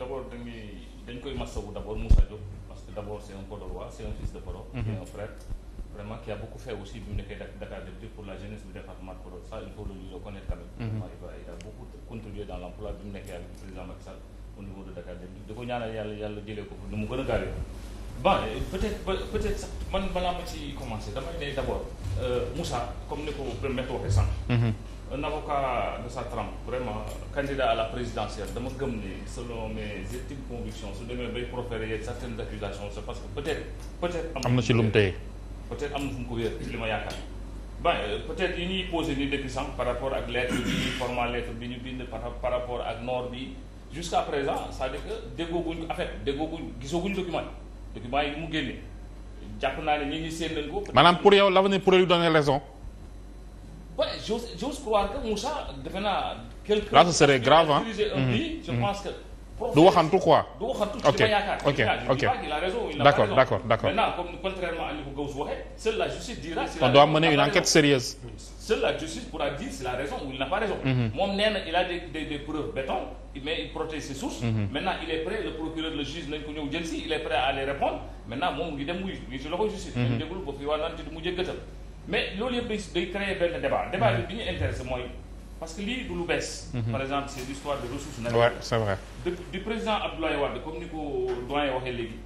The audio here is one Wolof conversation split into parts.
d' abord dañuy dañ koy masawu d' abord Moussa Diop parce que d' abord c' est un Podorois c' est un fils de Podor. Mhm. c' est un frère vraiment qui a beaucoup fait aussi bi mu nekkee Dakar Dem Dikk pour la jeunesse du département de Podor ça il faut le lui reconnaître quand même. Mhm. vraiment il a beaucoup contribué dans l' emploi bi mu nekkee avec président Macky Sall au niveau de Dakar Dem Dikk di ko ñaanal yàlla yàlla jëlee ko fa nu mu gën a gaawee. ba euh, peut-être peut-être sax man balaa ma ci commencer damay ne d'abord euh, comme ni ko premier waxee sànq. Mhm. un avocat de sa trempe vraiment candidat à la présidentielle dama gëm ni selon mes intimes convictions su demee bay proférer certaines accusations c'est parce que peut-être peut-être am na ci lu mu téye peut am na fu mu ko wéer ci li ma yaakaar ben euh, peut-être yi ñuy ni depuis sànq par rapport ak lettre bi format lettre bi ñu bind par rapport ak nord bi jusqu'à présent c'est-à-dire que déggooguñ ko en fait déggooguñ document yi mu génne jàpp naa ne ñi ngi séen nañ maanaam pour yow l'avenir pourrait lui donner raison. oui j'ose j'ose croire que defe naa. quelque là ce serait grave ah. je mmh. pense que. du waxantu quoi. du waxantu ok ci ma yaakaar. ok ok d'accord d'accord d'accord maintenant comme contrairement à li ko Gaoussou waxee. seule la justice dira si la. on doit mener une enquête sérieuse. seule la justice pourra dire si la raison ou il n'a pas raison. Mhm. moom nee na il a des des des preuves béton mais il protège ses sources. Mhm. maintenant il est prêt le procureur le juge nañ ko ñëw jël si il est prêt à les répondre maintenant moom ngi dem muy ngi ci loxo justice. Mhm. nañu déglu ba fii waa naan mu mujjee gëtal. mais loolu yëpp day day créer benn débat débat bi bi ñu intéressé mooy. parce que lii du lu bees. Mhm. par exemple c'est l'histoire de ressources naturelles. c'est vrai. du président Abdoulaye Wade comme ni ko doyen waxee léegi.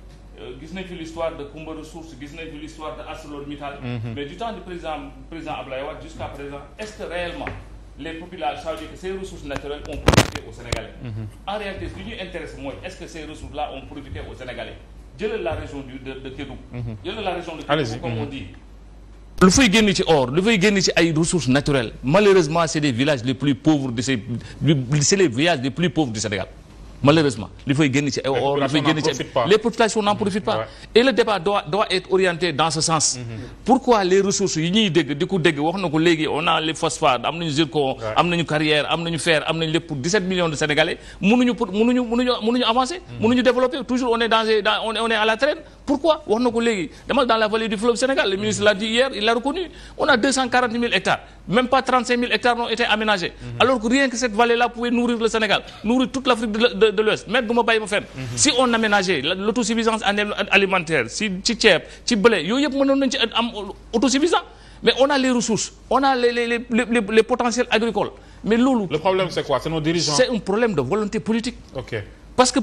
Euh, gis nañ fi l'histoire de Kumba Ressources gis nañ l'histoire de ArcelorMittal. Mhm. mais du temps du président président Abdoulaye jusqu'à présent est-ce que réellement les populations c'est-à-dire ressources naturelles ont profité aux Sénégalais. Mhm. en réalité li intéresse mooy est-ce que ces ressources-là ont lu fay génn ci or lu fay génn ci ay ressources naturelles malheureusement c' est villages les plus pauvres de ces c' les villages les plus pauvres du Sénégal malheureusement li fay génn ci ay or li fay génn ci les populations n'en profitent pas et le débat doit être orienté dans ce sens mm-hmm. pourquoi les ressources yi ñuy dégg di ko dégg wax na ko léegi on a les phosphates am nañu zircon am nañu carrière am nañu fer am nañu lépp pour pourquoi wax na ko dans la vallée du Sénégal le ministre l'a dit hier il l'a reconnu on a deux cent pas trente cinq mille hectares mhm. alors que rien que cette vallée là pouvait nourrir le Sénégal nourrir toute l'Afrique de l'Ouest mais du ma bàyyi mhm. si on aménageait l'autosuffisance alimentaire ci ceeb ci blé yooyu yëpp mënoon nañ ci am autosuffisant mais on a les ressources on a les potentiels agricoles mais loolu. c'est quoi c'est nos dirigeants. c'est un problème de volonté politique. ok parce a un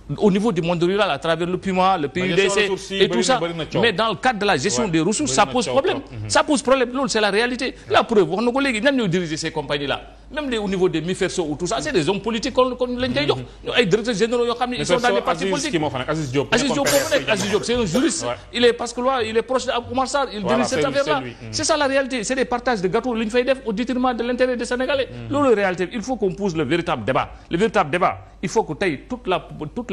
au niveau du monde rural à travers le PUMA le PUDC et tout ça mais dans le cadre de la gestion des ressources ça pose problème mhm. ça pose problème loolu c'est la réalité la preuve wax na ko léegi ñan ñoo diriger ces compagnies là même les au niveau des MIFERSO ou tout ça c'est des hommes politiques kon kon lañ koy jox mhm. ñoo généraux yoo xam ne ils sont dans des partis politiques Aziz Diop foofu nekk Aziz Diop c'est un que mhm. la réalité c'est des partages réalité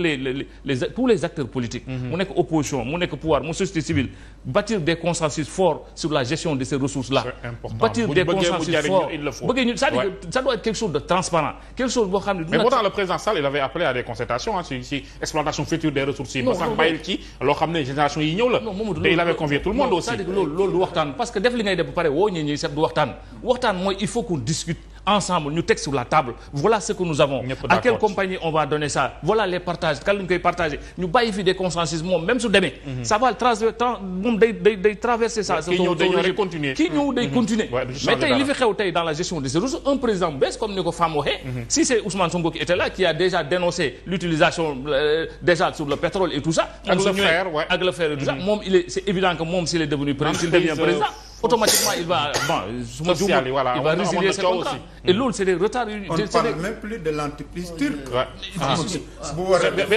il les tous les acteurs politiques. Mhm. mu nekk opposition mu nekk pouvoir mu société civile bâtir des consensus forts sur la gestion de ces ressources là. c'est des consensus forts bëggee de transparent quelque chose boo xam ne. mais le président Sall il avait appelé à des concertations ah si si exploitation des ressources yi. non non ci loo xam ne il avait convié tout le monde aussi. parce que def li ngay def ba pare woo ñi ensemble ñu teg sur la table voilà ce que nous avons à quelle compagnie on va donner ça voilà les partages kan la ñu partager ñu bàyyi fi des consensus moom même su demee mhm. ça va traverser moom day day day traverser ça kii ñëw continuer mhm. mais tey li fi xew tey dans la gestion des ressources un président bu comme ni ko Fam mhm. si c'est Ousmane Sonko qui était là qui a déjà dénoncé l'utilisation euh, déjà sur le pétrole et tout ça ak le fer et automatiquement il va bon euh, su ma juumee voilà il va résilier ses contrats et loolu c'est des retards yu. on de l'entreprise ah. ah. bu euh, jeex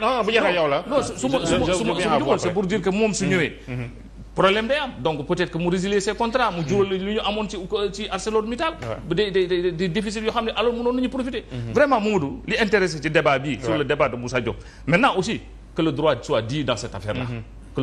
non bu jeexee non su ma su ma su ma jugoon c'est pour dire que moom su mm. ñëwee. Mm-hmm. problème day am donc peut-être que mu résilier yoo xam ne alors mënoon nañu profiter mm-hmm. vraiment Mamadou li intéressé ci débat bi sur le débat de Moussa Diop maintenant aussi que le droit soit dit dans cette affaire là mm-hmm. que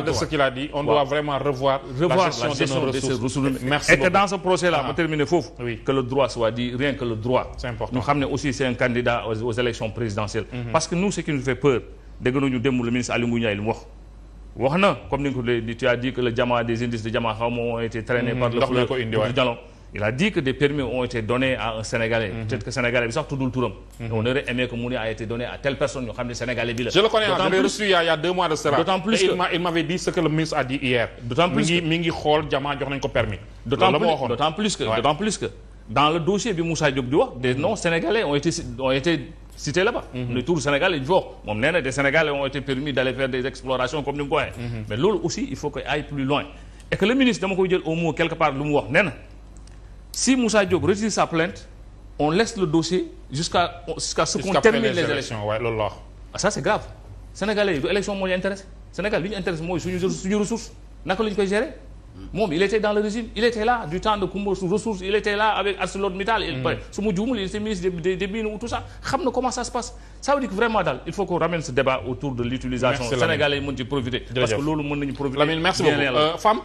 de ce qu'il a dit on doit vraiment revoir. la gestion de ces ressources et dans ce procès-là ma ah. terminer foofu. que le droit soit dit rien que le droit. c'est important aussi c'est un candidat aux élections présidentielles. Mhm. parce que nous ce qui nous fait peur dégg nañu démb le ministre Aly Ngouille Ndiaye wax. wax na comme ni nga ko tu de diamant xaw ont été traînés mhm. par le. ndox mi ko il a dit que des permis ont été donnés à un Sénégalais. Mm que Sénégalais bi sax tuddul turam. Mhm. on aurait aimé que mu ne a été donné à telle personne ñoo xam ne Sénégalais bi la. mi ngi xool jamaa jox nañ ko permis. d'autant plus que dans le dossier bi Moussa Diop di wax des mhm. noms sénégalais ont été cité là-bas. Mhm. le tour Sénégal il faut moom nee des Sénégalais ont été permis d'aller faire des explorations comme ni mu ko waxee. si Moussa Diop retire sa plainte on laisse le dossier jusqu'à jusqu'à ce qu'on termine les élections loolu la wax ah, ça ñu intéressé Sénégal li ñu intéressé naka la ñu koy gérer moom il était dans le régime il était là du temps de Coumba sous il était là avec ArcelorMittal il mm. su ma juumul il était ministre des des mines ou tout ça xam na comment ça se passe ça veut dire que vraiment daal il faut qu'on ramène ce débat autour de l'utilisation sénégalais yi mën